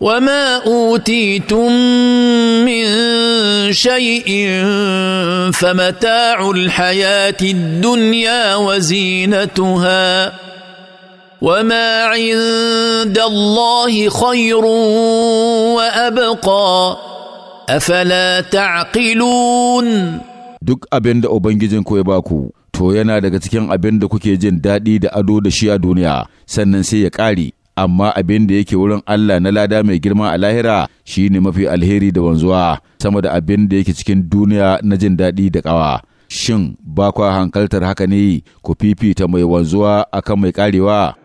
وما اوتيتم من شيء فمتاع الحياه الدنيا وزينتها وما عند الله خير وابقى افلا تعقلون duk abin da ubangijinku ya baku to yana daga cikin abin da kuke jin daɗi da ado da shi a duniya sannan sai ya ƙare amma abin da yake wurin Allah na lada mai girma a lahira shi ne mafi alheri da wanzuwa sama da abin da yake cikin duniya na jin daɗi da ƙawa. Shin ba kwa hankaltar haka ne ku fifita mai wanzuwa akan mai ƙarewa?